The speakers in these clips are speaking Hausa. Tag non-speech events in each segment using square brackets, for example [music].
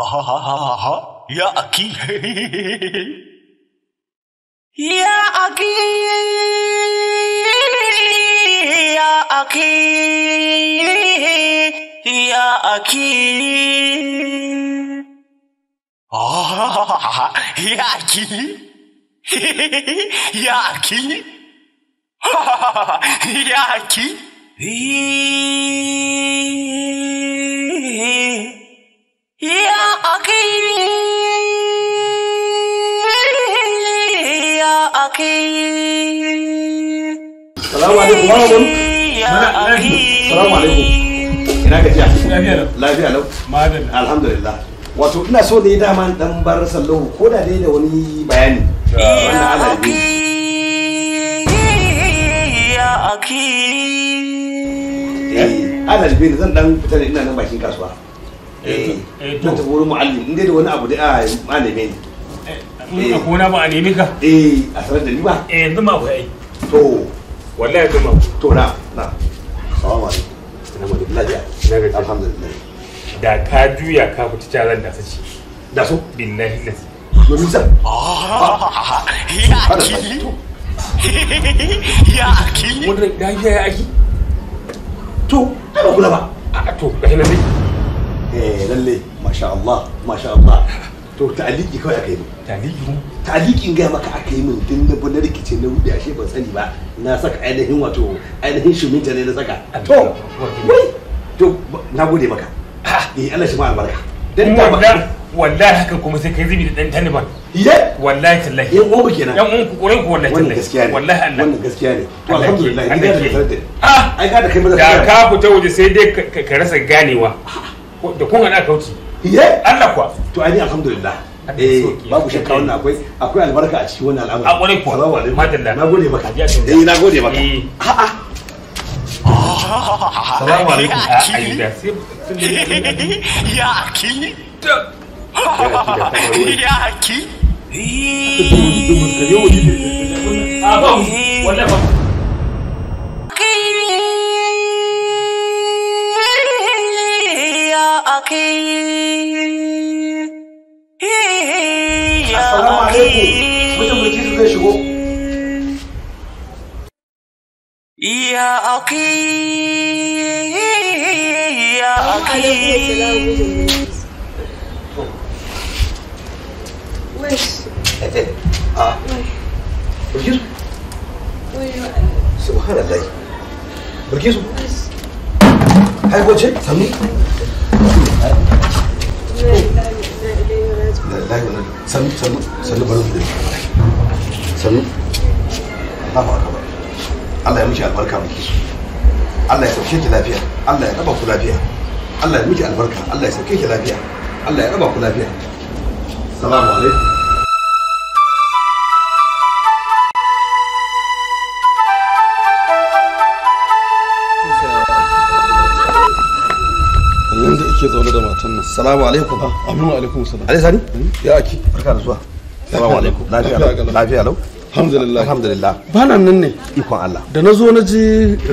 あはははは、やき。やき。やき。やき。あはははは、やき。やき。はははは、やき。えー الرقيب السلام ina gajiya lafiya lau lafiya lau madalla alhamdulillah wato ina so ne dama dan bar sallahu ko da dai da wani bayani wannan alabi ya akili alabi zan dan fita da ina nan bakin kasuwa eh to ta wurin muallim inda da wani abu da malame ne nuna kona ba a nemi ka eh a sanar da ni ba eh yanzu ma kuwa ai to wallahi yanzu ma to na na salamu alaikum salamu alaikum lafiya na gaji alhamdulillah da ka juya ka fita jaran da sace da so billahi lazi domin sa ya akili ya akili wannan da ya aki to ana kula ba a to ga nan dai eh lalle masha Allah masha Allah to taliki kawai aka yi min taliki talikin gaya maka aka yi min din na na rikice na hudu ashe ban sani ba na saka ainihin wato ainihin shuminta ne na saka to wai to na gode maka eh Allah shi ma albarka dan ta maka wallahi haka kuma sai kai zubi da dan taniban ye wallahi tallahi yan uwa kenan yan uwan ku ku wallahi tallahi gaskiya ne wallahi Allah wannan gaskiya ne to alhamdulillah ni da farda ah ai ka da kai ba da ka fita waje sai dai ka rasa ganewa da kun ana kauci iya Allah kuwa to ai alhamdulillah eh babu shakka wannan akwai akwai albarka a cikin wannan al'amari a kuwa salamu alaikum nagode eh, maka eh nagode maka a'a salamu alaikum ya ya a eh. ah, Okay. assalamu ya aki ya aki Allah ya Allah ya sauke ki lafiya Allah ya raba ku lafiya Allah ya miki albarka Allah ya sauke ki lafiya Allah ya raba ku lafiya salamu alaikum da yake zaune da matan nan salamu alaikum aminu alaikum salam alai sani ya aki barka da zuwa salamu alaikum [laughs] lafiya lafiya lau alhamdulillah alhamdulillah ba nan nan ne ikon Allah da na zo na ji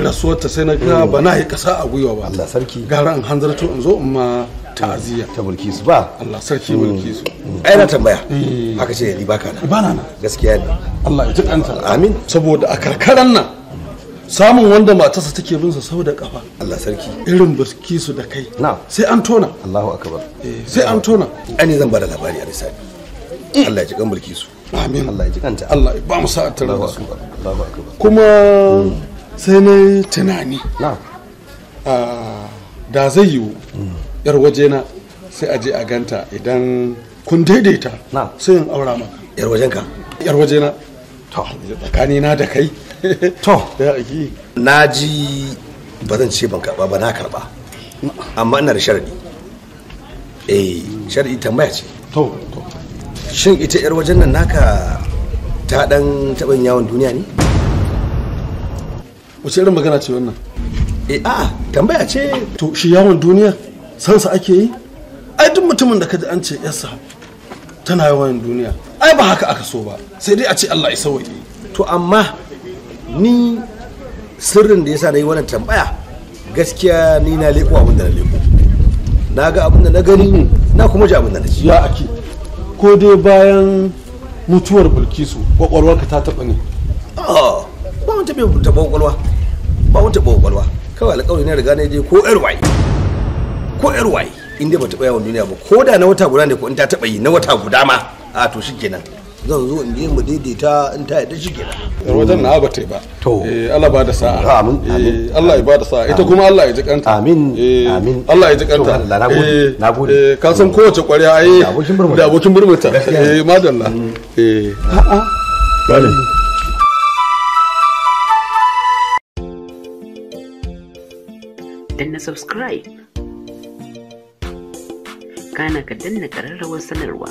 rasuwar ta sai na ga ba na yi kasa a gwiwa ba Allah sarki gara in hanzarto in zo in ma ta'aziyya ta mulki su ba Allah sarki mulki su mm. ai na tambaya eh. haka ce ya baka na ba na gaskiya ne Allah ya ji kanta amin saboda a karkaran nan samun wanda matarsa take bin sa sau da kafa Allah sarki irin barki su da kai sai an tona Allahu akbar eh, sai an tona ani zan bada labari a risali mm. Allah ya ji kan barki su amin Allah ya ji kanta Allah ya ba mu sa'a tare da su Allahu akbar kuma mm. sai na tunani ah, da zai yiwu mm. yar wajena sai a je a ganta idan kun daidaita sai in aura maka yar wajenka yar wajena to tsakani na da kai to [laughs] na ji ba zan ce ban karba ba na karba amma ina da sharadi eh sharadi tambaya ce to to shin ita yar wajen nan naka ta dan taban yawon duniya ne wace irin magana ce wannan eh a tambaya ce to shi yawon duniya sansa ake yi ai duk mutumin da kaji an ce sa. tana yawon duniya ai ba haka aka so ba sai dai a ce Allah ya sauke to amma ni sirrin da yasa na yi wannan tambaya gaskiya ni na leko abin da na leko na ga abin da na gani na kuma ji abin da na ji ya ake ko dai bayan mutuwar bulkisu ka ta taɓa ne ba wani taɓa taɓa kwakwalwa ba wani taɓa kwakwalwa kawai alƙawari ne riga ne dai ko yar waye ko yar waye in dai ba taɓa yawon duniya ba ko da na wata guda ne ko in ta taɓa yi na wata guda ma a to shi kenan zan zo in je mu daidaita in ta yadda shi kenan eh, wajen na abata ba to eh, Allah ba da sa'a eh, amin Allah ya ba da sa'a ita kuma Allah ya ji kanta amin amin Allah ya ji kanta na gode ka san mm. kowace kwarya ai da abokin burbuta eh madalla mm. eh a'a bale danna subscribe kana ka danna kararrawar sanarwa